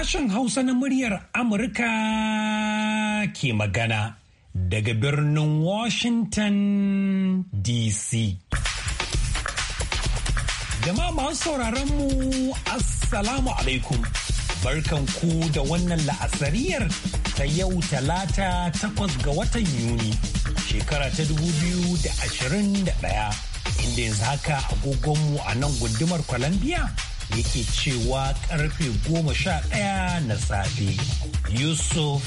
Sashen Hausa na muryar Amurka ke magana daga birnin Washington DC. dama masu sauraron mu Assalamu alaikum. Barkan ku da wannan la'asariyar ta yau talata takwas ga watan Yuni shekara ta dubu biyu da ashirin da ɗaya, inda yanzu haka agogonmu a nan gundumar Columbia yake cewa karfe goma sha ɗaya na safe yusuf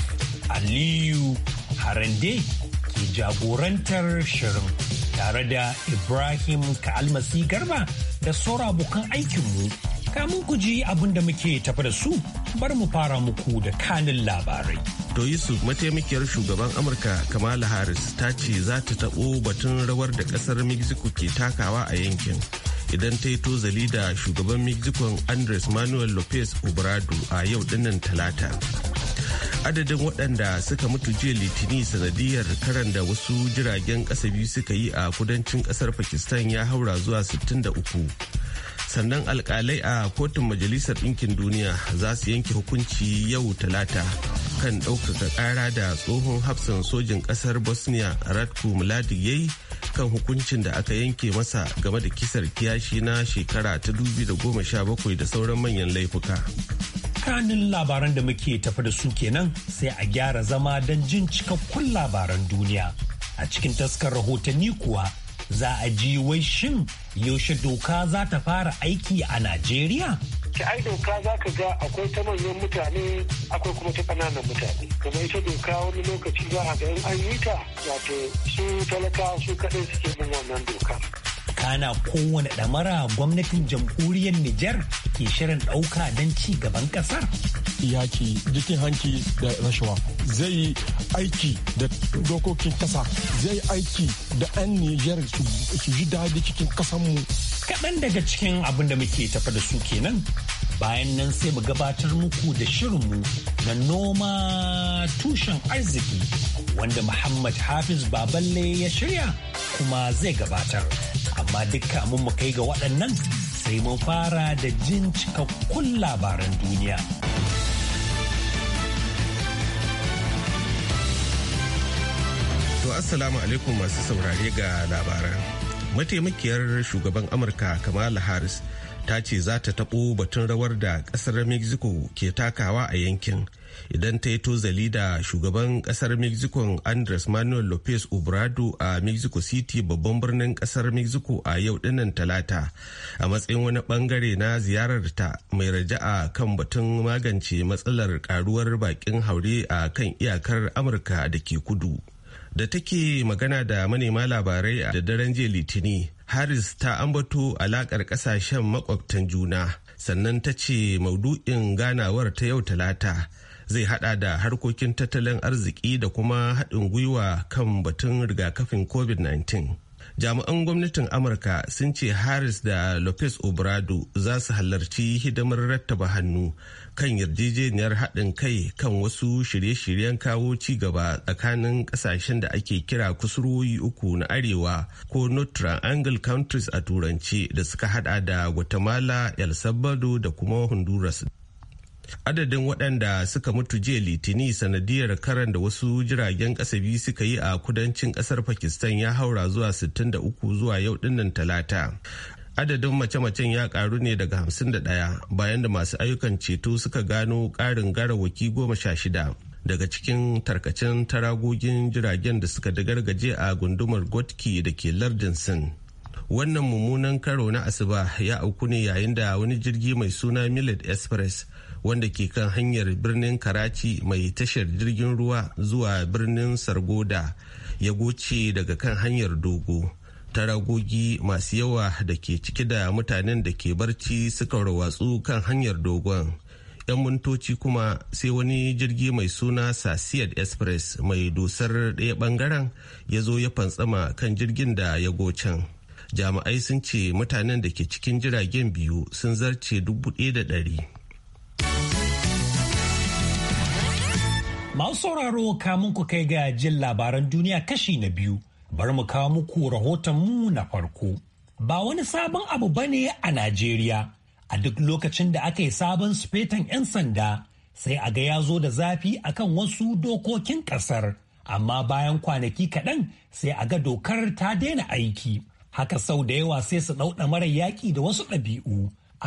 aliyu harande ke jagorantar shirin tare da ibrahim kalmasi garba da saura abokan aikinmu kamun ku ji abin da muke tafi da su bari mu fara muku da kanin labarai to yusuf mataimakiyar shugaban amurka kamala harris ta ce za ta taɓo batun rawar da ƙasar mexico ke takawa a yankin idan ta yi tozali da shugaban mexico andres manuel lopez obrado a yau dinnan talata adadin waɗanda suka mutu jiya litini sanadiyar karan da wasu jiragen ƙasa biyu suka yi a kudancin ƙasar pakistan ya haura zuwa 63 sannan alkalai a kotun majalisar ɗinkin duniya za su yanke hukunci yau talata kan ɗaukaka ƙara da tsohon hafsan sojin ƙasar bosnia ratko mladic yayi kan hukuncin da aka yanke masa game da kisar kiyashi na shekara ta 2017 da sauran manyan laifuka. kanin labaran da muke tafi da su kenan sai a gyara zama don jin cikakkun labaran duniya. A cikin taskar rahotanni kuwa za a ji wai shin yaushe doka za ta fara aiki a Najeriya? ki ai doka za ka ga akwai ta manyan mutane akwai kuma ta ƙananan mutane kuma ita doka wani lokaci za a ga in an yi ta wato su talaka su kaɗai suke bin wannan doka. kana kowane ɗamara gwamnatin jamhuriyar Nijar ke shirin ɗauka don ci gaban ƙasar. Yaki jikin hanki da rashawa zai yi aiki da dokokin ƙasa zai aiki da 'yan Nijar su ji daɗi cikin ƙasanmu. kaɗan daga cikin abin da muke tafa da su kenan bayan nan sai mu gabatar muku da shirinmu na noma tushen arziki wanda Muhammad Hafiz Baballe ya shirya kuma zai gabatar. Amma dukka mun mu kai ga waɗannan sai mun fara da jin cikakkun labaran duniya. To Assalamu alaikum masu saurare ga labaran. mataimakiyar shugaban amurka kamala harris ta ce za ta taɓo batun rawar da kasar mexico ke takawa a yankin idan ta yi tozali da shugaban kasar mexico andres manuel lopez obrado a mexico city babban birnin kasar mexico a yau dinnan talata a matsayin wani bangare na ziyarar ta mai raja'a kan batun magance matsalar karuwar bakin haure a kan iyakar amurka da ke kudu da take magana da manema labarai da daren jiya litini harris ta ambato alakar kasashen makwabtan juna sannan ta ce maudu'in ganawar ta yau talata zai hada da harkokin tattalin arziki da kuma haɗin gwiwa kan batun rigakafin covid-19 jami'an gwamnatin amurka sun ce harris da lopez obrado za su halarci hidimar rattaba hannu kan yarjejeniyar haɗin kai kan wasu shirye-shiryen kawo ci gaba tsakanin ƙasashen da ake kira kusurwoyi uku na arewa ko north triangle countries a turance da suka haɗa da guatemala el salvador da kuma honduras adadin waɗanda suka mutu jiya litini sanadiyar karan da wasu jiragen ƙasa biyu suka yi a kudancin ƙasar pakistan ya haura zuwa 63 zuwa yau dinnan talata adadin mace-macen ya karu ne daga hamsin da 51 bayan da masu ayyukan ceto suka gano karin garawaki goma sha shida daga cikin tarkacen taragogin jiragen da suka dagargaje a gundumar gotki da ke lardin wannan mummunan karo na asuba ya auku ne yayin da wani jirgi mai suna millet express wanda ke kan hanyar birnin karachi mai tashar jirgin ruwa zuwa birnin sargoda ya goce daga kan hanyar dogo ta ragogi masu yawa da ke cike da mutanen da ke barci suka rawatsu kan hanyar dogon yan mintoci kuma sai wani jirgi mai suna sasiyar express mai dusar ɗaya bangaren ya zo ya fantsama kan jirgin da ya gocen jami'ai sun ce mutanen da ke cikin jiragen biyu sun zarce dubu ɗaya da ɗari masu sauraro kamun ku kai ga jin labaran duniya kashi na biyu bari mu kawo muku rahoton mu na farko. Ba wani sabon abu ba ne a Najeriya, a duk lokacin da aka yi sabon sufetan 'yan sanda sai a ga ya zo da zafi akan wasu dokokin ƙasar, amma bayan kwanaki kaɗan sai a ga dokar ta daina aiki. Haka sau da yawa sai su ɗauɗa mara yaƙi da wasu ɗabi'u,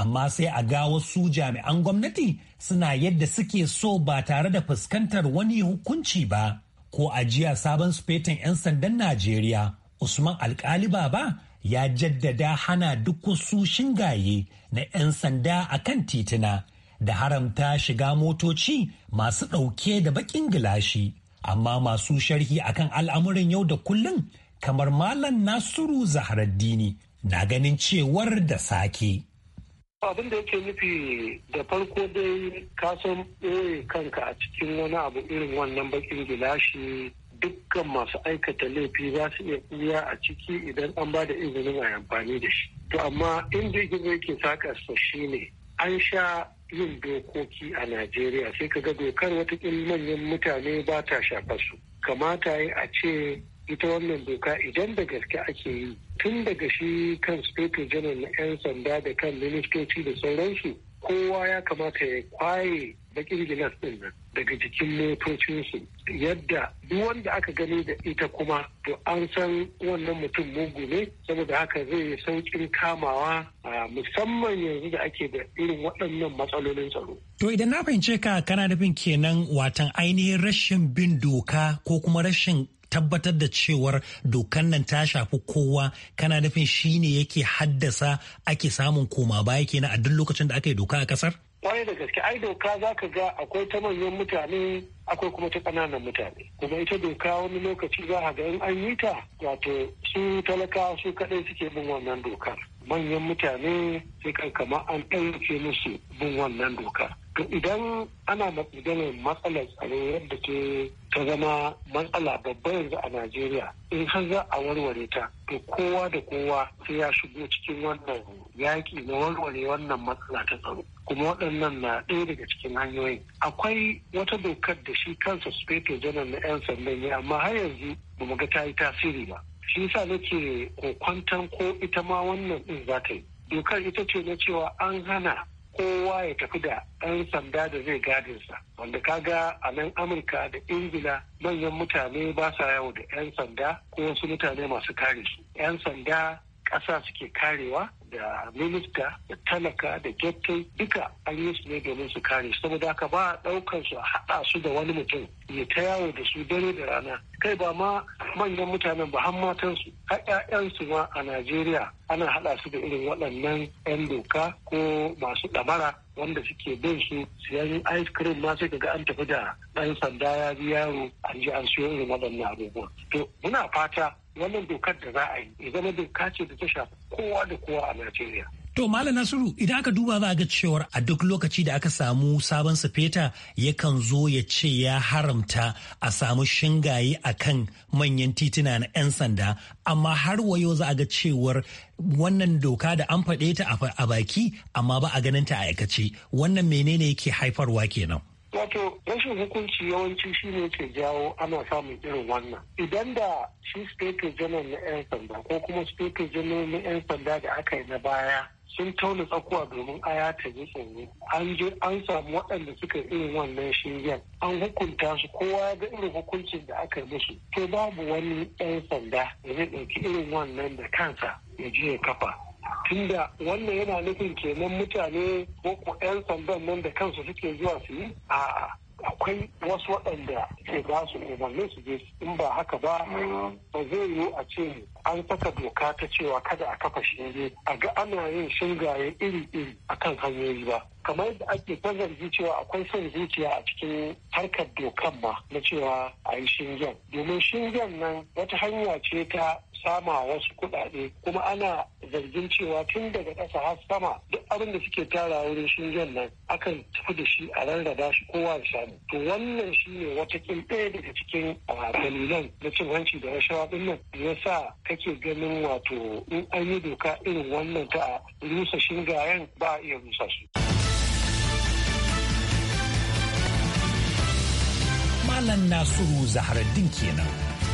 amma sai a ga wasu jami'an gwamnati suna yadda suke so ba tare da fuskantar wani hukunci ba. ko a jiya sabon sufetin 'yan sandan najeriya usman alkali baba ya jaddada hana duk wasu shingaye na 'yan sanda a kan titina da haramta shiga motoci masu ɗauke da baƙin gilashi amma masu sharhi akan al'amuran yau da kullum kamar malam nasiru zaharaddini na ganin cewar da sake abin da yake nufi da farko dai kasan ɓoye kanka a cikin wani abu irin wannan bakin gilashi dukkan masu aikata laifi za su iya iya a ciki idan an ba da izinin a amfani da shi to amma inda gizo yake shi ne an sha yin dokoki a najeriya sai ka ga dokar watakila manyan mutane ba ta shafa su kamata yi a ce ita wannan doka idan da gaske ake yi tun daga shi kan state general na 'yan sanda da kan ministoci da sauransu kowa ya kamata ya kwaye bakin gilas din nan daga jikin motocinsu yadda duk wanda aka gani da ita kuma to an san wannan mutum mugu ne saboda haka zai yi saukin kamawa musamman yanzu da ake da irin waɗannan matsalolin tsaro. To idan na fahimce ka kana nufin kenan watan ainihin rashin bin doka ko kuma rashin tabbatar da cewar dokan nan ta shafi kowa kana nufin shi ne yake haddasa ake samun koma baya kenan a duk lokacin da aka yi doka a kasar? Kwaye da gaske ai doka za ka ga akwai ta manyan mutane akwai kuma ta ƙananan mutane kuma ita doka wani lokaci za a ga in an yi ta wato su talakawa su kaɗai suke bin wannan dokar manyan mutane sai kan an ɗauke musu bin wannan dokar To idan ana maganar matsalar tsaro yadda ke ta zama matsala babba yanzu a Najeriya in har za a warware ta to kowa da kowa sai ya shigo cikin wannan yaƙi na warware wannan matsala ta tsaro. kuma waɗannan na ɗaya daga cikin hanyoyin akwai wata dokar da shi kansa speto janar na 'yan sandan ya amma har yanzu ba mu ga ta yi tasiri ba shi yasa nake kwantan ko ita ma wannan ɗin za ta yi dokar ita ce na cewa an hana kowa ya tafi da ɗan sanda da zai sa wanda ka ga a nan amurka da ingila manyan mutane ba sa yawo da 'yan sanda ko wasu mutane masu kare su 'yan sanda ƙasa suke karewa da minista da talaka da gettai duka an yi su ne domin su kare saboda haka ba ɗaukar su a haɗa su da wani mutum ya ta yawo da su dare da rana kai ba ma manyan mutanen ba har su har su ma a najeriya ana haɗa su da irin waɗannan ƴan doka ko masu ɗamara wanda suke bin su siyan ice cream ma sai ga an tafi da ɗan sanda ya bi yaro an ji an siyo irin waɗannan abubuwan to muna fata wannan dokar da za a yi ya zama doka ce da ta shafi kowa da kowa a Najeriya. To Malam Nasiru idan aka duba za a ga cewar a duk lokaci da aka samu sabon sufeta yakan zo ya ce ya haramta a samu shingaye a kan manyan tituna na 'yan sanda amma har wayo za a ga cewar wannan doka da an faɗe ta a baki amma ba a ganin ta a aikace wannan menene yake haifarwa kenan. Wato rashin hukunci yawanci shi ne ke jawo ana samun irin wannan. Idan da shi state Janar na 'yan sanda ko kuma state general na 'yan sanda da aka yi na baya sun tauna tsakuwa domin aya ta ji tsoro an je an samu waɗanda suka irin wannan shingen an hukunta su kowa ya ga irin hukuncin da aka yi musu to babu wani 'yan sanda da zai ɗauki irin wannan da kansa ya je ya kafa tunda wannan yana nufin kenan mutane ko 'yan sandan nan da kansu suke zuwa su yi a akwai wasu waɗanda ke ba su umarni su je in ba haka ba ba zai yiwu a ce an saka doka ta cewa kada a kafa shinge a ga ana yin shingaye iri-iri a kan hanyoyi ba kamar yadda ake ta cewa akwai son zuciya a cikin harkar dokan ma na cewa a yi shingen domin shingen nan wata hanya ce ta sama wasu kuɗaɗe kuma ana zargin cewa tun daga ƙasa har sama duk abin da suke tara wurin shingen nan akan tafi da shi a rarraba shi kowa da samu to wannan shine ne wata ɗaya daga cikin ah, dalilan na cin hanci da rashawa ɗin nan ya sa kake ganin wato in an yi doka irin wannan ta rusa shingayen ba a iya rusa su. Malam Nasiru Zaharaddin kenan.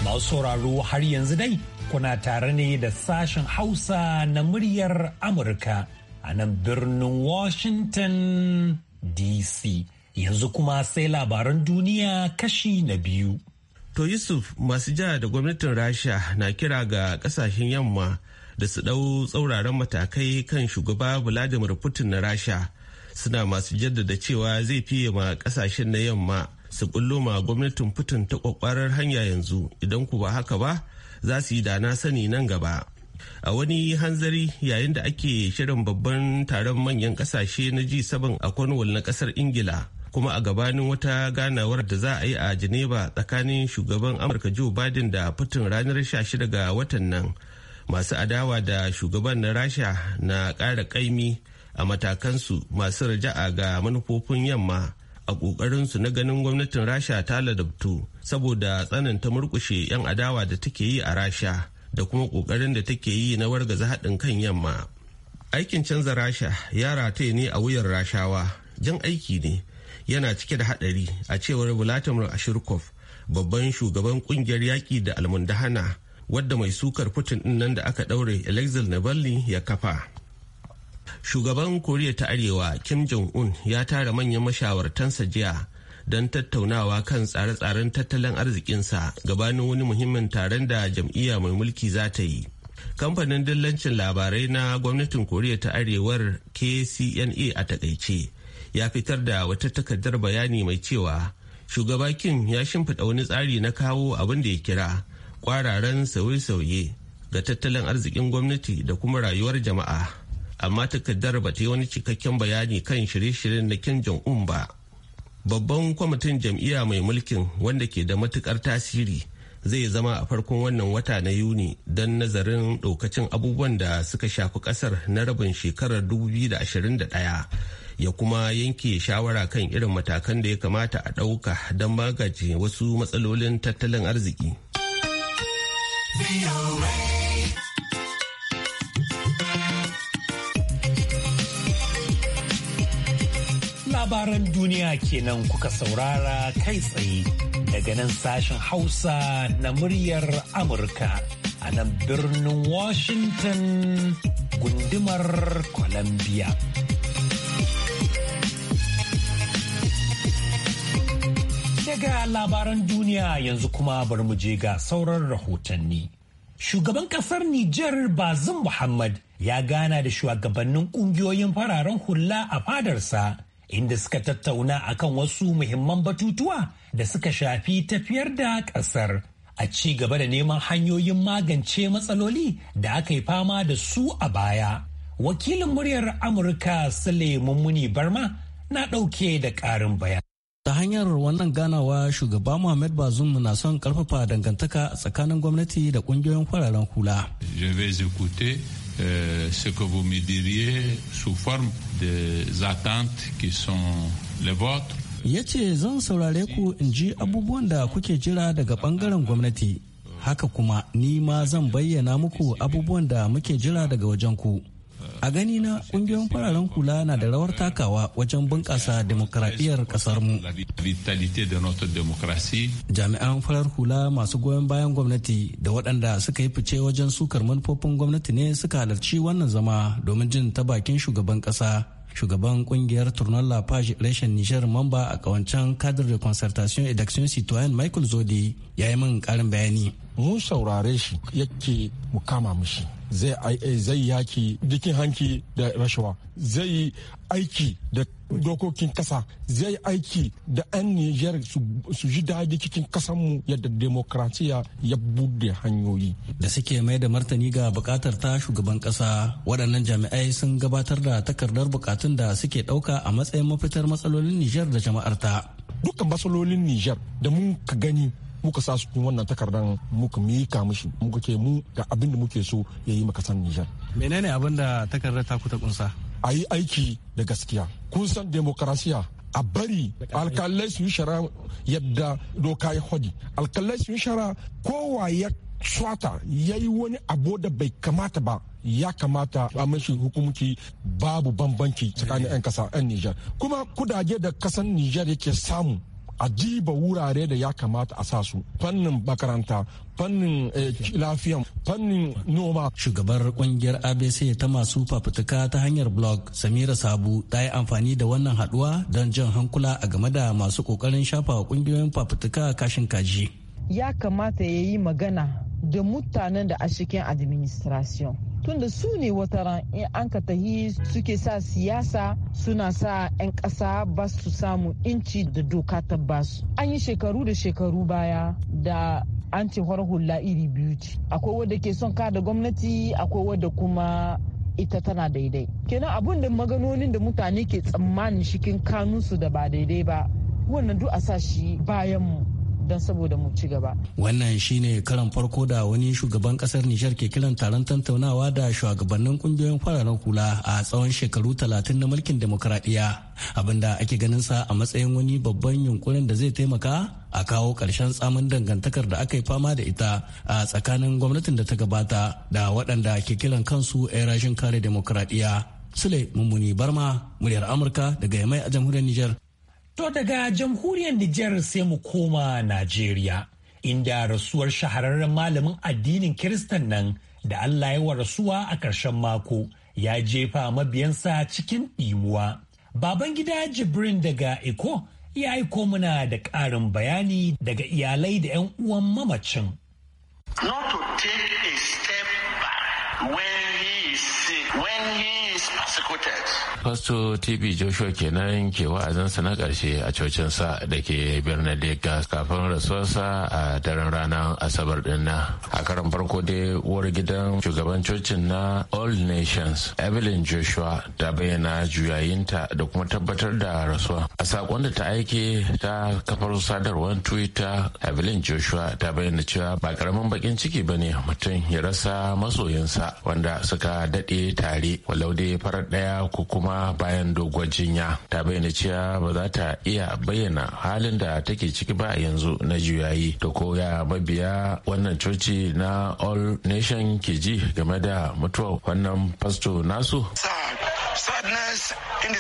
Masu sauraro har yanzu dai kuna tare ne da sashen Hausa na muryar Amurka a nan birnin Washington DC. Yanzu kuma sai labaran duniya kashi na biyu. To Yusuf masu ja da gwamnatin Rasha na kira ga kasashen yamma da su ɗau tsauraran matakai kan shugaba Vladimir Putin na Rasha suna masu jaddada cewa zai fiye ma kasashen na yamma su bullo ma gwamnatin Putin ta kwakwarar hanya yanzu idan ku ba haka ba za su yi da na sani nan gaba. A wani hanzari yayin da ake shirin babban taron manyan kasashe na G7 a Cornwall na kasar Ingila. kuma a gabanin wata ganawar da za a yi a geneva tsakanin shugaban amurka joe biden da fitin ranar 16 ga watan nan masu adawa da shugaban na rasha na ƙara ƙaimi a matakansu masu raja'a ga manufofin yamma a ƙoƙarinsu na ganin gwamnatin rasha ta ladabtu saboda tsananta murƙushe 'yan adawa da take yi a rasha da kuma ƙoƙarin da take yi na wargaza haɗin kan yamma aikin canza rasha ya rataye ne a wuyan rashawa jan aiki ne yana cike da hadari a cewar Vladimir Ashirkov babban shugaban kungiyar yaƙi da almundahana wadda mai sukar Putin din nan da aka daure Alexei Navalny ya kafa. Shugaban Koriya ta Arewa Kim Jong-un ya tara manyan mashawartansa jiya don tattaunawa kan tsare-tsaren tattalin arzikinsa gabanin wani muhimmin taron da jam'iyya mai mulki za ta yi. Kamfanin dillancin labarai na gwamnatin Koriya ta Arewar KCNA a takaice. ya fitar da wata takardar bayani mai cewa shugaba kim ya shimfiɗa wani tsari na kawo abin da ya kira kwararen sauye-sauye ga tattalin arzikin gwamnati da kuma rayuwar jama'a amma takardar ba ta yi wani cikakken bayani kan shirye-shiryen na kim jong-un ba babban kwamitin jam'iyya mai mulkin wanda ke da matukar tasiri zai zama a farkon wannan wata na yuni don nazarin ɗaukacin abubuwan da suka shafi ƙasar na rabin shekarar 2021 ya kuma yanke shawara kan irin matakan da ya kamata a ɗauka don magance wasu matsalolin tattalin arziki. Labaran duniya kenan kuka saurara kai tsaye daga nan sashen Hausa na muryar Amurka a nan birnin Washington gundumar Columbia. ga labaran duniya yanzu kuma bari mu je ga sauran rahotanni. Shugaban kasar Nijar Bazin Muhammad ya gana da shugabannin kungiyoyin fararen hula a fadarsa inda suka tattauna akan wasu muhimman batutuwa da suka shafi tafiyar da kasar a ci gaba da neman hanyoyin magance matsaloli da aka yi fama da su a baya. Wakilin muryar Amurka Sule Mummuni Barma na ɗauke da ƙarin bayan. ta hanyar wannan ganawa shugaba muhammad bazum na son karfafa dangantaka tsakanin gwamnati da kungiyoyin fararen hula je vais écouter ya ce zan saurare ku in ji abubuwan da kuke jira daga bangaren gwamnati haka kuma ni ma zan bayyana muku abubuwan da muke jira daga wajen ku a gani na kungiyoyin fararen hula na da rawar takawa wajen bunƙasa demokradiyyar ƙasar mu jami'an farar hula masu goyon bayan gwamnati da waɗanda suka yi fice wajen sukar manufofin gwamnati ne suka halarci wannan zama domin jin ta bakin shugaban ƙasa shugaban kungiyar tournon la page reshen niger mamba a kawancan cadre de concertation et d'action citoyenne michael zodi ya yi min karin bayani mun saurare shi yake mu kama zai eh, yaki dikin hanki da rashawa zai aiki da dokokin kasa zai aiki da 'yan Nijar su ji daɗi cikin kasanmu yadda demokratiya ya bude hanyoyi. Da suke mai da martani ga bukatar ta shugaban kasa waɗannan jami'ai sun gabatar da takardar bukatun da suke ɗauka a matsayin mafitar matsalolin Nijar da jama'arta. Dukkan matsalolin Nijar da mun ka gani muka sa su cikin wannan takardar muka mika mishi muka ke mu ga abin da muke so ya yi maka Nijar. Menene abin da takardar ta kuta kunsa? A yi aiki da gaskiya. Kun san demokarasiya a bari alkalai su yi shara yadda doka ya hodi. Alkalai su yi shara kowa ya swata ya yi wani abu da bai kamata ba ya kamata a mashi hukumci babu bambanci tsakanin 'yan eh. kasa 'yan Nijar. Kuma kudaje da kasan Nijar yake samu a wurare da ya kamata a sa su fannin makaranta fannin eh, lafiya fannin noma shugabar kungiyar abc ta masu fafutuka ta hanyar blog samira sabu ta yi amfani da wannan haduwa don jan hankula a game da masu kokarin shafa wa kungiyoyin fafutuka kashin kaji ya kamata ya yi magana da mutanen da a cikin administration tunda su ne wataran in an ka tahi suke sa siyasa suna sa 'yan ƙasa ba su samu inci da doka ta basu an yi shekaru da shekaru baya da an ce hula iri biyu ce akwai wadda ke son kada gwamnati akwai wadda kuma ita tana daidai kenan abun da maganonin da mutane ke tsammanin cikin kanunsu da ba daidai ba wannan duk a sa shi bayan mu don saboda mu ci gaba. Wannan shine karan farko da wani shugaban kasar Nijar ke kiran taron tattaunawa da shugabannin kungiyoyin fararen hula a tsawon shekaru talatin na mulkin demokradiyya. Abinda ake ganin sa a matsayin wani babban yunkurin da zai taimaka a kawo karshen tsamin dangantakar da aka yi fama da ita a tsakanin gwamnatin da ta gabata da waɗanda ke kiran kansu 'yan rashin kare demokradiyya. Sule Mummuni Barma, muryar Amurka daga Yamai a jamhuriyar Nijar. To daga jamhuriyar Nijar sai mu koma Najeriya, inda rasuwar shahararren malamin addinin Kiristan nan da Allah ya wa rasuwa a ƙarshen mako ya jefa mabiyansa cikin ɗimuwa. Baban gida Jibrin daga Eko ya aiko muna da ƙarin bayani daga iyalai da 'yan uwan mamacin. Not to take a step back when he is sick, when he fasto TV Pastor TB Joshua kenan ke wa'azinsa na ƙarshe a cocinsa da ke birnin Lagos kafin rasuwarsa a daren ranar Asabar dinna. A karan farko dai uwar gidan shugaban cocin na All Nations Evelyn Joshua ta bayyana juyayinta da kuma tabbatar da rasuwa. A saƙon da ta aike ta kafar sadarwar Twitter Evelyn Joshua ta bayyana cewa ba karamin bakin ciki ba ne mutum ya rasa masoyinsa wanda suka daɗe tare walau dai sai farar ɗaya ko kuma bayan doguwar jinya ta bayyana cewa ba za ta iya bayyana halin da take ciki ba yanzu na juyayi to ko ya mabiya wannan coci na all nation ke ji game da mutuwa wannan fasto nasu sadness in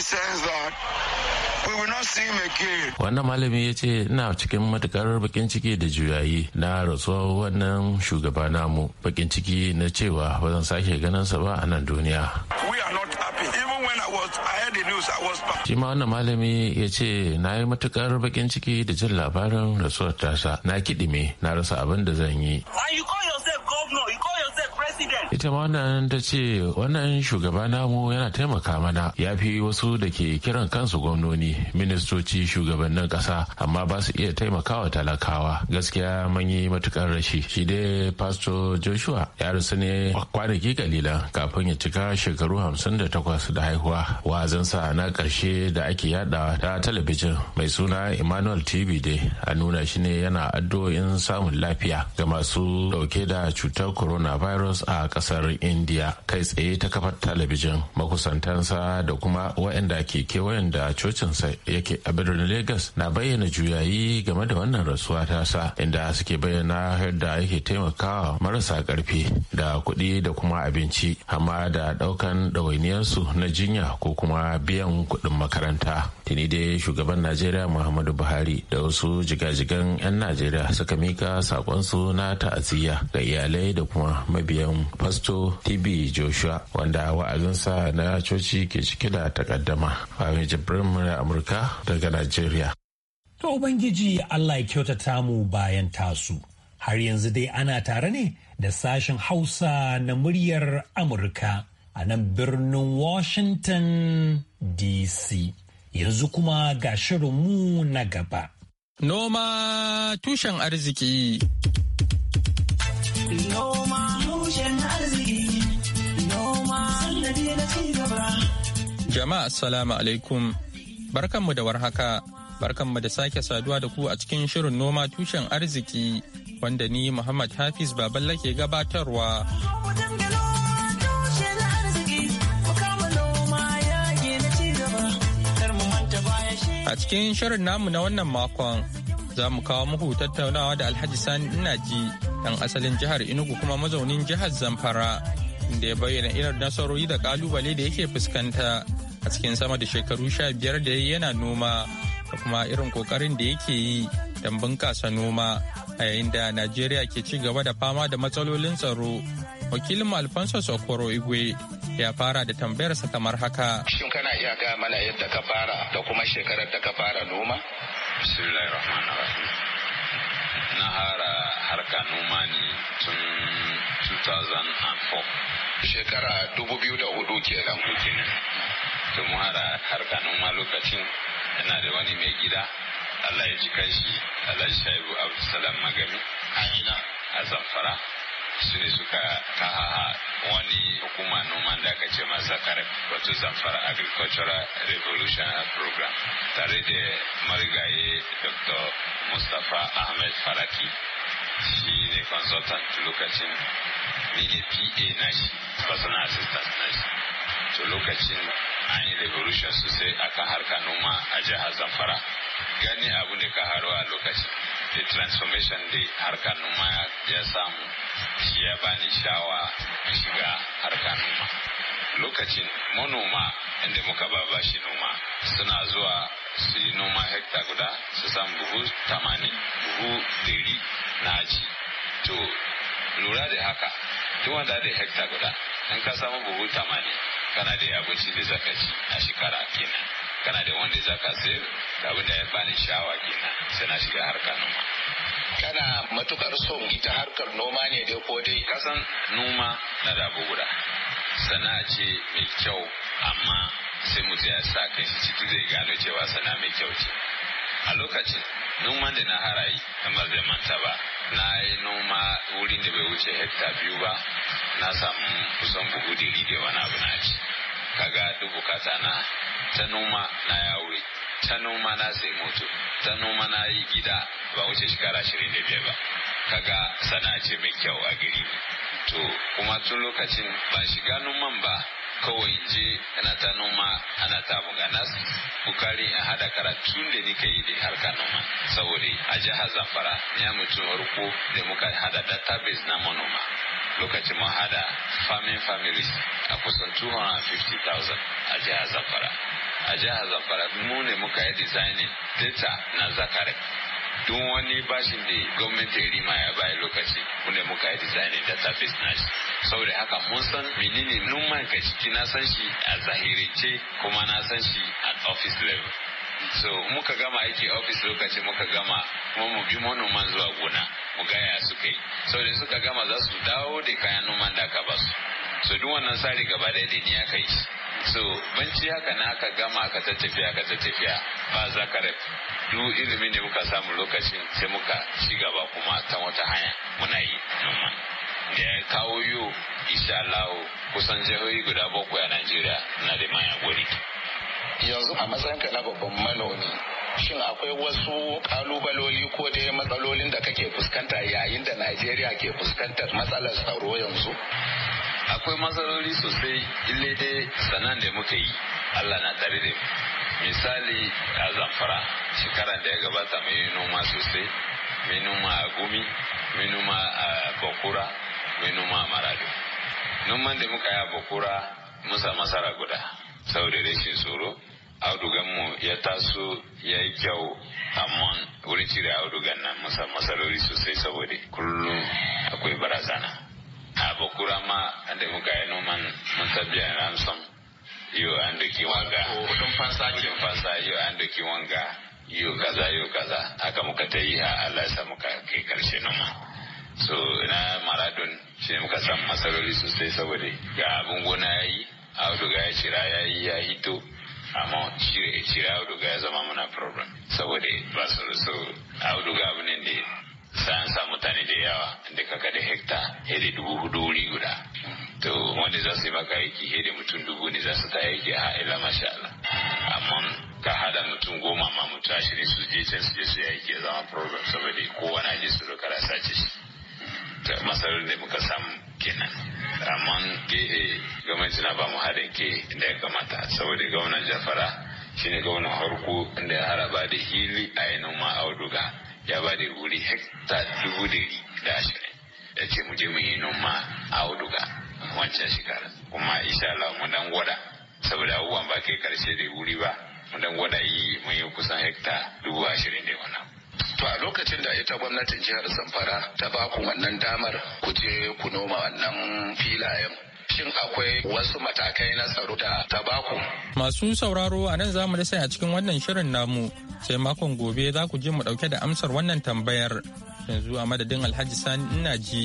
we will not see him again. Wannan malami ya ce ina cikin matukar bakin ciki da juyayi na rasuwa wannan shugaba namu bakin ciki na cewa ba sake ganin sa ba a nan duniya. I was Shi ma wannan malami ya ce na yi matukar bakin ciki da jin labarin rasuwar tasa na kidime na rasa abin da zan yi. ita ma wannan ta ce wannan shugaba namu yana taimaka mana ya fi wasu da ke kiran kansu gwamnoni ministoci shugabannin kasa amma ba su iya taimakawa talakawa gaskiya mun yi matukar rashi shi dai pastor joshua ya rasu ne kwanaki kalilan kafin ya cika shekaru hamsin da takwas da haihuwa wazansa na karshe da ake yada ta talabijin mai suna emmanuel tv dai a nuna shi ne yana addu'o'in samun lafiya ga masu dauke da cutar coronavirus a kasar india kai tsaye ta kafar talabijin makusantansa da kuma waɗanda ke kewayen da cocinsa yake a birnin Legas na bayyana juyayi game da wannan rasuwa ta sa inda suke bayyana yadda yake taimakawa marasa karfi da kuɗi da kuma abinci amma da ɗaukan ɗawainiyarsu na jinya ko kuma biyan kuɗin makaranta tuni dai shugaban najeriya muhammadu buhari da wasu jigajigan 'yan najeriya suka mika saƙonsu na ta'aziyya ga iyalai da kuma mabiyan Fasto, tb joshua wanda wa'azinsa na coci ke cike da takaddama a jibrin murya amurka daga Najeriya. to ubangiji allah ya kyautata mu bayan tasu har yanzu dai ana tare ne da sashen hausa na muryar amurka a nan birnin washington dc yanzu kuma ga mu na gaba noma tushen arziki noma arziki noma Jama'a Salamu alaikum barkanmu da warhaka barkanmu da sake saduwa da ku a cikin shirin noma tushen arziki wanda ni Muhammad Hafiz Baballa ke gabatarwa. A cikin shirin namu na wannan makon za mu kawo muku tattaunawa da alhaji sani inaji dan asalin jihar inugu kuma mazaunin jihar zamfara inda ya bayyana irin nasarori da kalubale da yake fuskanta a cikin sama da shekaru sha biyar da yana noma da kuma irin kokarin da yake yi don bunkasa noma a yayin da najeriya ke ci gaba da fama da matsalolin tsaro wakilin alfonso sokoro igwe ya fara da tambayarsa kamar haka shin kana iya gaya mana yadda ka fara da kuma shekarar da ka fara noma bismillahirrahmanirrahim na hara harka noma ne tun 2004 shekara 2004 kenan kenan tun hara harka noma lokacin yana da wani mai gida Allah ya ji kanshi Allah ya shaibu Abdulsalam Magami ina a Zamfara su ne suka kaha wani hukuma noman da aka ce masa kare wato zamfara agricultural revolution program tare da marigaye dr mustapha ahmed faraki shi ne consultant lokacin ni ne pa na shi personal assistant na shi to lokacin an yi revolution sosai akan harka noma a jihar zamfara gani abu ne ka haruwa lokacin the transformation da harkar noma ya samu shi ya bani shawa shiga harkar numa lokacin manoma inda muka ba ba shi numa suna zuwa su yi noma hekta guda su samu buhu tamanin buhu dari na ci to lura da haka duk wanda da hekta guda in ka samu buhu tamanin kana da abinci da zakaci a shekara kenan kana da wanda za ka sayar abin da ya bani shawa kina sai na shiga harkar noma kana matukar son ita harkar noma ne dai ko dai kasan noma na da sana'a ce mai kyau amma sai mutum ya sa kan shi ciki zai gano cewa sana'a mai kyau ce a lokacin noman da na harayi kamar zai manta ba na yi noma wurin da bai wuce hekta biyu ba na samu kusan buhu da da wani abu na ci kaga duk bukata na ta noma na yawo ta noma na sai moto ta noma na yi gida ba wuce shekara ashirin da biyar ba kaga sana'a ce mai kyau a gari to kuma tun lokacin ba shiga noman ba kawai je ana ta noma ana ta buganas bukari a hada karatun da nika yi da harka noma saboda a jihar zamfara ya mutum harko da muka hada database na manoma lokacin mahada hada farming families a kusan 250,000 a jihar zamfara a jihar zamfara mu ne muka yi designing data na zakare don wani bashin da gwamnati rima ya bayi lokaci mune muka yi designing database na shi saboda haka mun san menene numan ka ciki na san shi a kuma na san shi at office level so muka gama aiki office lokaci muka gama kuma mu bi manoman zuwa gona mu ya suka yi saboda suka gama za su dawo da kayan noman da aka basu so duk wannan tsari gaba da ni aka yi so banci haka na ka gama ka ta tafiya ka ta tafiya ba zakaref duk ilimi ne muka samu lokacin sai muka ci gaba kuma ta wata hanya muna yi numan da ya kawo yau isa lawo kusan jihohi guda bakwai a Najeriya na da maya gori yanzu a matsayin ka na babban manomi shin akwai wasu kalubaloli ko dai matsalolin da kake fuskanta yayin da Najeriya ke fuskantar matsalar tsaro yanzu akwai matsaloli sosai ille dai sanan da muka yi allah na tare da misali a zamfara shekara da ya gabata mai noma sosai mai noma a gumi mai noma a bakura mai noma a marado noman da muka yi a bakura musa masara guda saboda rashin tsoro mu ya taso ya yi kyau amma wurin cire audugan nan musa masarori sosai saboda kullum akwai barazana pokura ma ande muka eno man mutabia ransom yo ando kiwanga kudin oh, fansa kudin fansa yo ando wanga yo kaza yo kaza haka muka ta yi ha Allah ya muka kai karshe noma so na maradon shi muka samu masaloli sosai saboda ga abin gona yayi auduga ya cira yayi ya hito amma cire auduga ya zama muna problem saboda ba su so auduga abu ne da sai an sa mutane da yawa da kaka da hekta hede dubu hudu wuri guda to wanda za su yi maka aiki hede mutum dubu ne za su ta aiki a ila masha Allah amma ka hada mutum goma ma mutum ashirin su je can su je su yi aiki ya zama program saboda kowa na je su dokar a sace shi masarar da muka samu kenan amma ke gwamnati na ba mu haɗin ke da ya kamata saboda gwamnan jafara shine gwamnan harko da ya haraba da hili a yi noma auduga ya ba da wuri hekta dubu da ashirin ya ce mu je mu yi noma a auduga wancan shekara kuma insha Allah mu dan gwada saboda abubuwan ba kai karshe da wuri ba mu dan gwada yi mun yi kusan hekta dubu ashirin da wannan To a lokacin da ita gwamnatin jihar Zamfara ta ba ku wannan damar ku je ku noma wannan filayen shin akwai wasu matakai na tsaro da baku? Masu sauraro a nan za mu da a cikin wannan shirin namu sai makon gobe za ku je mu ɗauke da amsar wannan tambayar. Yanzu a madadin Alhaji Sani ji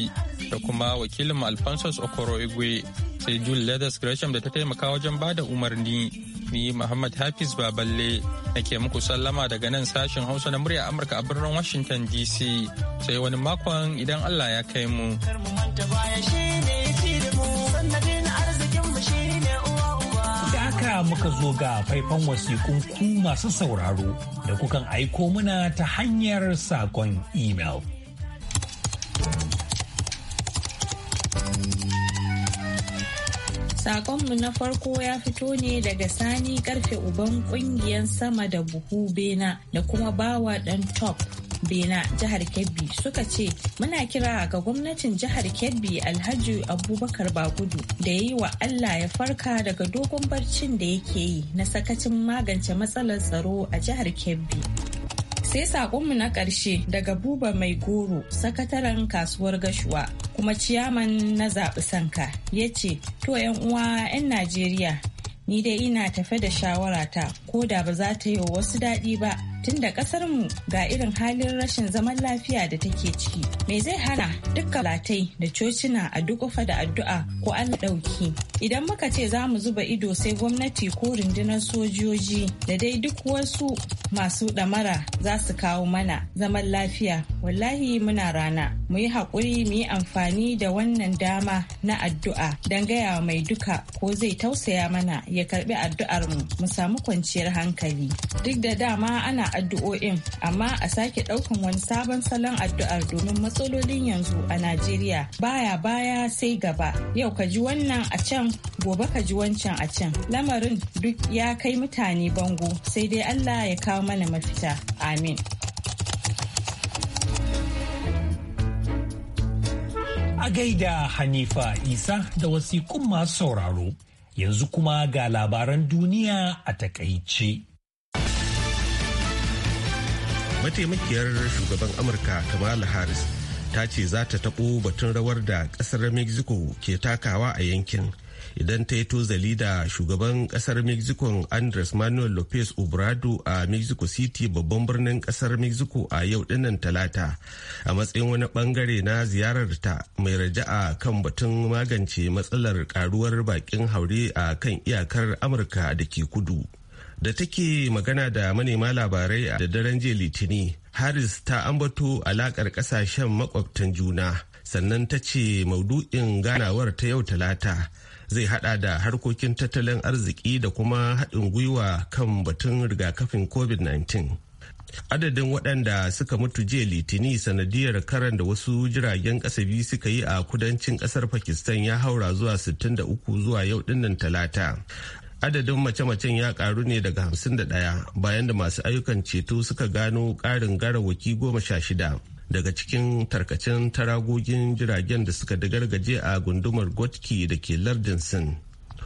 da kuma wakilin Alphonsus Okoro Igwe sai Jul Leathers Gresham da ta taimaka wajen bada umarni. Ni Muhammad Hafiz Baballe nake muku sallama daga nan sashen Hausa na murya Amurka a birnin Washington DC sai wani makon idan Allah ya kai mu. muka zo ga faifan wasiƙun ku masu sauraro da kukan aiko muna ta hanyar saƙon email. Saƙonmu na farko ya fito ne daga sani karfe uban ƙungiyar sama da buhu bena da kuma bawa ɗan top bena jihar kebbi suka ce muna kira ga gwamnatin jihar kebbi alhaji abubakar bagudu da ya yi wa allah ya farka daga dogon barcin da yake yi na sakacin magance matsalar tsaro a jihar kebbi sai saƙonmu na ƙarshe daga buba mai goro sakataren kasuwar gashuwa kuma ciyaman na zaɓi sanka ya ce to yan uwa 'yan najeriya ni dai ina tafe da shawarata ko da ba za ta yi wa wasu daɗi ba tunda kasarmu ga irin halin rashin zaman lafiya da take ciki me zai hana dukkan latai da cocina a dukufa da addu'a ko allah ɗauki idan muka ce za mu zuba ido sai gwamnati ko rundunar sojoji da dai duk wasu masu ɗamara za su kawo mana zaman lafiya wallahi muna rana mu yi haƙuri mu yi amfani da wannan dama na addu'a don gaya mai duka ko zai tausaya mana ya karbi addu'ar mu mu samu kwanciyar hankali duk da dama ana addu'o'in amma a sake ɗaukan wani sabon salon addu'ar domin matsalolin yanzu a Najeriya baya baya sai gaba yau ka ji wannan a can gobe ka ji wancan a can lamarin duk ya kai mutane bango sai dai Allah ya kawo mana mafita amin. A gaida Hanifa Isa da wasikun masu sauraro, yanzu kuma ga labaran duniya a takaice. mataimakiyar shugaban amurka kamala harris ta ce za ta taɓo batun rawar da ƙasar mexico ke takawa a yankin idan ta yi tozali da shugaban ƙasar mexico andres manuel lopez obrado a mexico city babban birnin ƙasar mexico a yau dinnan talata a matsayin wani bangare na ziyarar ta mai raja'a kan batun magance matsalar karuwar bakin haure a kan iyakar amurka da ke kudu da take magana da manema labarai a da daren jiya litini harris ta ambato alakar kasashen makwabtan juna sannan ta ce maudu'in ganawar ta yau talata zai hada da harkokin tattalin arziki da kuma haɗin gwiwa kan batun rigakafin covid-19 adadin waɗanda suka mutu jiya litini sanadiyar karan da wasu jiragen ƙasa biyu suka yi a kudancin ƙasar pakistan ya haura zuwa 63 zuwa yau dinnan talata adadin mace-macen ya karu ne daga 51 bayan da masu ayyukan ceto suka gano karin garawaki goma sha shida daga cikin tarkacen taragogin jiragen da suka dagargaje a gundumar gotki da ke lardin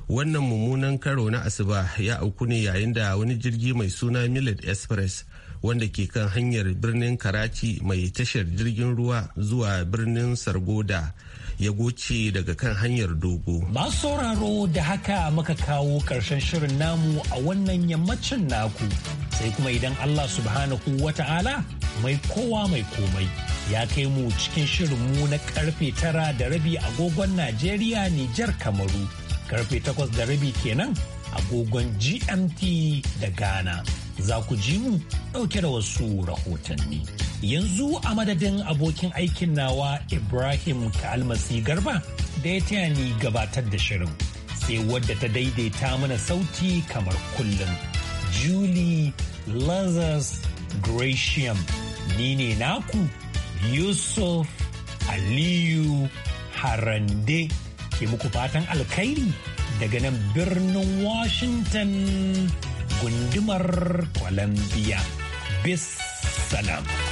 wannan mummunan karo na asuba ya auku ne yayin da wani jirgi mai suna millet express wanda ke kan hanyar birnin karachi mai tashar jirgin ruwa zuwa birnin sargoda ya goce daga kan hanyar dogo. Masu sauraro da haka maka kawo karshen shirin namu a wannan yammacin naku sai kuma idan Allah subhanahu wata'ala mai kowa mai komai ya kai mu cikin shirin mu na karfe tara da rabi agogon Najeriya Nijar Kamaru karfe takwas da rabi kenan agogon GMT da Ghana. za ku ji mu ɗauke da wasu rahotanni. Yanzu a madadin abokin aikin nawa Ibrahim Kalmasi Garba da ya taya ni gabatar da shirin sai wadda ta daidaita mana sauti kamar kullum. Julie Lazarus Gratiam ni ne naku Yusuf Aliyu Harande ke muku fatan alkhairi daga nan birnin Washington. gundumar Columbia. Bis salam.